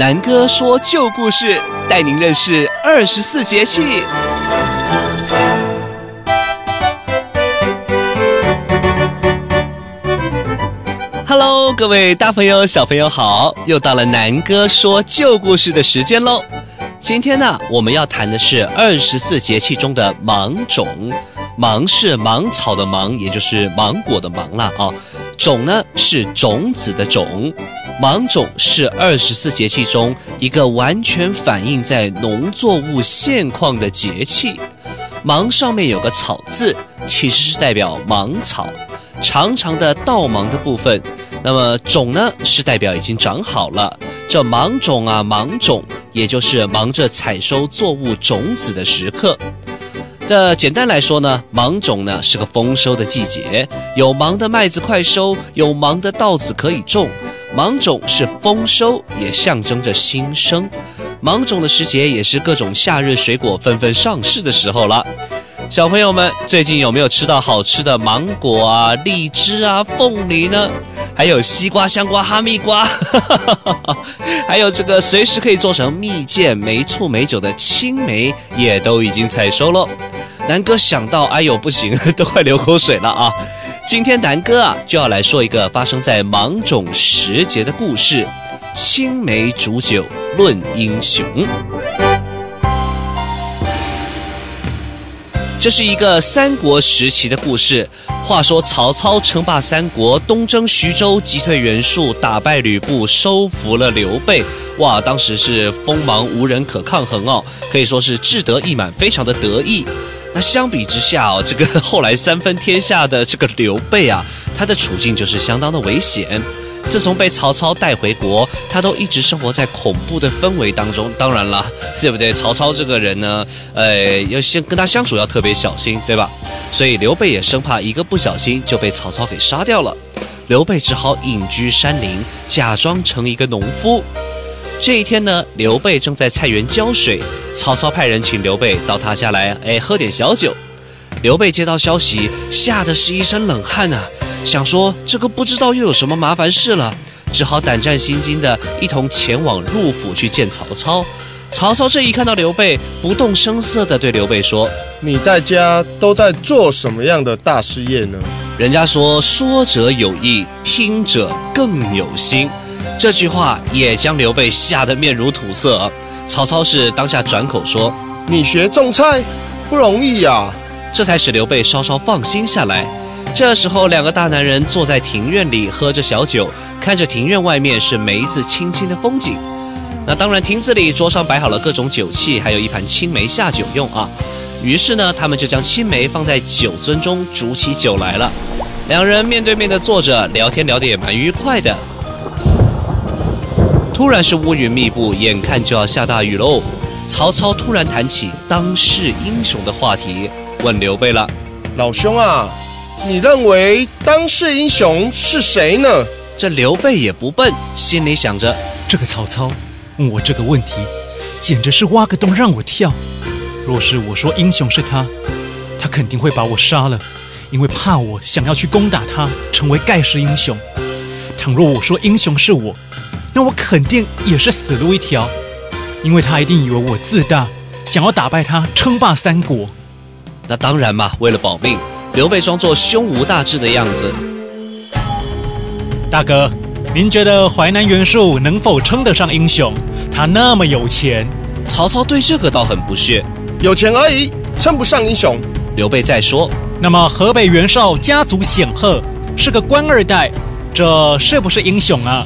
南哥說舊故事，帶您認識二十四節氣。Hello，各位大朋友、小朋友好，又到了南哥說舊故事的時間嘍。今天呢，我們要談的是二十四節氣中的芒種。芒是芒草的芒，也就是芒果的芒了啊。哦，種呢是種子的種。芒種是二十四節氣中一個完全反映在農作物現況的節氣。芒上面有個草字，其實是代表芒草，長長的稻芒的部分。那麼種呢，是代表已經長好了。這芒種啊，芒種也就是忙着採收作物種子的時刻。的，簡單來說呢，芒種呢是個豐收的季節，有芒的麥子快收，有芒的稻子可以種。芒種是豐收，也象徵着新生。芒種的時節也是各種夏日水果紛紛上市的時候了。小朋友們最近有沒有吃到好吃的芒果啊、荔枝啊、鳳梨呢？還有西瓜、香瓜、哈密瓜， 還有這個隨時可以做成蜜餞、梅醋、梅酒的青梅也都已經採收嘍。南哥想到，哎呦，不行，都快流口水了啊！今天南哥啊，就要來說一個發生在芒種時節的故事，《青梅煮酒論英雄》。這是一個三國時期的故事。話說曹操稱霸三國，東征徐州，擊退袁術，打敗呂布，收服了劉備。哇，當時是鋒芒無人可抗衡哦，可以說是志得意滿，非常的得意。那相比之下哦，這個後來三分天下的這個劉備啊，他的處境就是相當的危險。自從被曹操帶回國，他都一直生活在恐怖的氛圍當中。當然了，對不對？曹操這個人呢，呃、哎，要先跟他相處要特別小心，對吧？所以劉備也生怕一個不小心就被曹操給殺掉了。劉備只好隱居山林，假裝成一個農夫。這一天呢，劉備正在菜園澆水，曹操派人請劉備到他家來，哎，喝點小酒。劉備接到消息，嚇得是一身冷汗啊，想說這個不知道又有什麼麻煩事了，只好膽戰心驚地一同前往陸府去見曹操。曹操這一看到劉備，不動聲色地對劉備說：“你在家都在做什麼樣的大事業呢？”人家說：“說者有意，聽者更有心。”這句話也將劉備嚇得面如土色。曹操是當下轉口說：“你學種菜不容易呀、啊。”這才使劉備稍稍放心下來。這時候，兩個大男人坐在庭院裡喝着小酒，看着庭院外面是梅子青青的風景。那當然，亭子裡桌上擺好了各種酒器，還有一盤青梅下酒用啊。於是呢，他們就將青梅放在酒樽中煮起酒來了。兩人面對面的坐着聊天，聊得也蠻愉快的。突然是烏雲密布，眼看就要下大雨嘍。曹操突然談起當世英雄的話題，問劉備了：“老兄啊，你認為當世英雄是誰呢？”這劉備也不笨，心裡想着：這個曹操問我這個問題，簡直是挖個洞讓我跳。若是我說英雄是他，他肯定會把我殺了，因為怕我想要去攻打他，成為蓋世英雄。倘若我說英雄是我，那我肯定也是死路一條，因為他一定以為我自大，想要打敗他，稱霸三國。那當然嘛，為了保命，劉備裝作胸無大志的樣子。大哥，您覺得淮南袁術能否稱得上英雄？他那麼有錢？曹操對這個倒很不屑，有錢而已，稱不上英雄。劉備再說，那麼河北袁紹家族顯赫，是個官二代。這是不是英雄啊？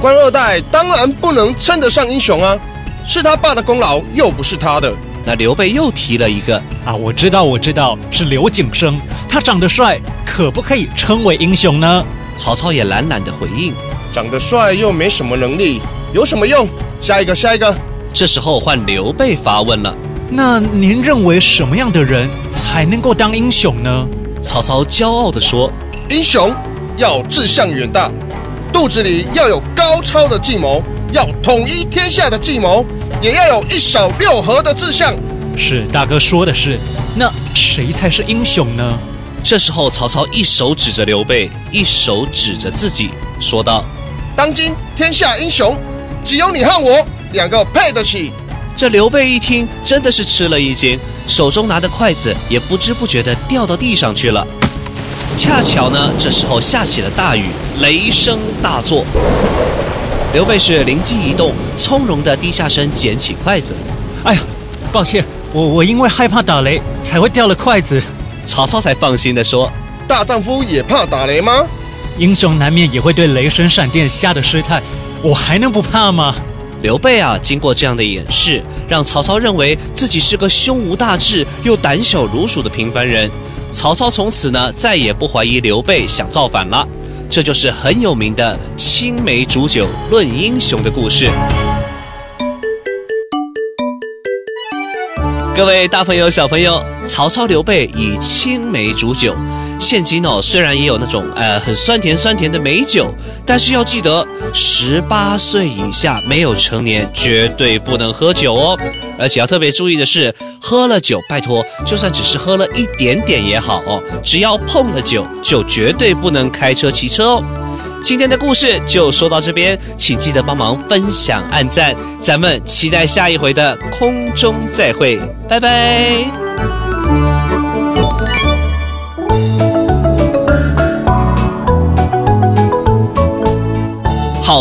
官二代當然不能稱得上英雄啊，是他爸的功勞，又不是他的。那劉備又提了一個啊，我知道，我知道，是劉景升，他長得帥，可不可以稱為英雄呢？曹操也懶懶的回應：長得帥又沒什麼能力，有什麼用？下一個，下一個。這時候換劉備發問了：那您認為什麼樣的人才能夠當英雄呢？曹操驕傲的說：英雄。要志向遠大，肚子裡要有高超的計謀，要統一天下的計謀，也要有一手六合的志向。是大哥說的是。那誰才是英雄呢？這時候，曹操一手指着劉備，一手指着自己，說道：“當今天下英雄，只有你和我兩個配得起。”這劉備一聽，真的是吃了一驚，手中拿的筷子也不知不覺地掉到地上去了。恰巧呢，這時候下起了大雨，雷聲大作。劉備是靈機一動，從容的低下身撿起筷子。哎呀，抱歉，我我因為害怕打雷才會掉了筷子。曹操才放心的說：“大丈夫也怕打雷嗎？英雄難免也會對雷聲閃電嚇得失態，我還能不怕嗎？”劉備啊，經過這樣的演示，讓曹操認為自己是個胸無大志又膽小如鼠的平凡人。曹操從此呢，再也不懷疑劉備想造反了。這就是很有名的“青梅煮酒論英雄”的故事。各位大朋友、小朋友，曹操、劉備以青梅煮酒。現今、哦、雖然也有那種呃很酸甜酸甜的美酒，但是要記得十八歲以下沒有成年絕對不能喝酒哦。而且要特別注意的是，喝了酒拜托，就算只是喝了一點點也好哦，只要碰了酒就絕對不能開車騎車哦。今天的故事就說到這邊，請記得幫忙分享、按讚，咱們期待下一回的空中再會，拜拜。